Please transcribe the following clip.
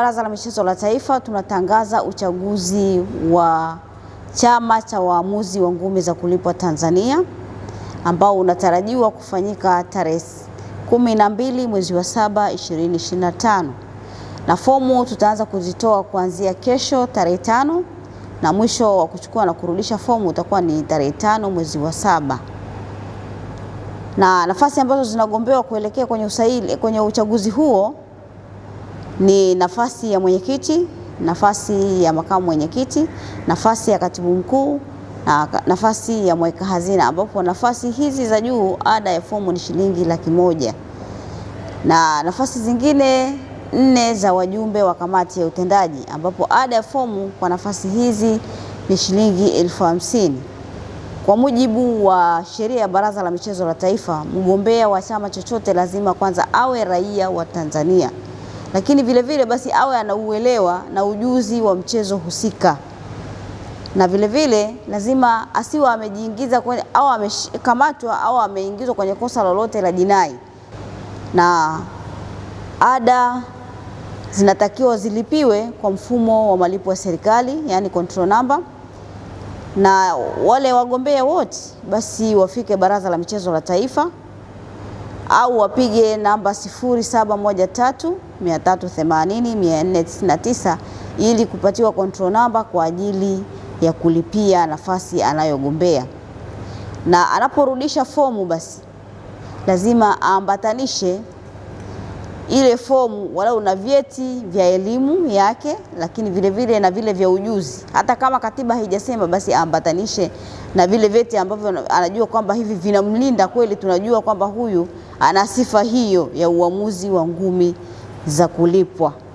Baraza la Michezo la Taifa tunatangaza uchaguzi wa chama cha waamuzi wa ngumi za kulipwa Tanzania ambao unatarajiwa kufanyika tarehe 12 mwezi wa 7 2025, na fomu tutaanza kuzitoa kuanzia kesho tarehe tano na mwisho wa kuchukua na kurudisha fomu utakuwa ni tarehe tano mwezi wa saba na nafasi ambazo zinagombewa kuelekea kwenye usaili, kwenye uchaguzi huo ni nafasi ya mwenyekiti, nafasi ya makamu mwenyekiti, nafasi ya katibu mkuu na nafasi ya mweka hazina, ambapo nafasi hizi za juu ada ya fomu ni shilingi laki moja na nafasi zingine nne za wajumbe wa kamati ya utendaji, ambapo ada ya fomu kwa nafasi hizi ni shilingi elfu hamsini. Kwa mujibu wa sheria ya Baraza la Michezo la Taifa, mgombea wa chama chochote lazima kwanza awe raia wa Tanzania lakini vile vile basi awe anauelewa na ujuzi wa mchezo husika, na vile vile lazima asiwe amejiingiza kwenye au amekamatwa au ameingizwa kwenye kosa lolote la jinai, na ada zinatakiwa zilipiwe kwa mfumo wa malipo ya serikali, yani control number na wale wagombea wote basi wafike Baraza la Michezo la Taifa au wapige namba 0713 499 ili kupatiwa control number kwa ajili ya kulipia nafasi anayogombea. Na anaporudisha fomu, basi lazima aambatanishe ile fomu walau na vyeti vya elimu yake, lakini vilevile vile na vile vya ujuzi. Hata kama katiba haijasema, basi aambatanishe na vile vyeti ambavyo anajua kwamba hivi vinamlinda kweli, tunajua kwamba huyu ana sifa hiyo ya uamuzi wa ngumi za kulipwa.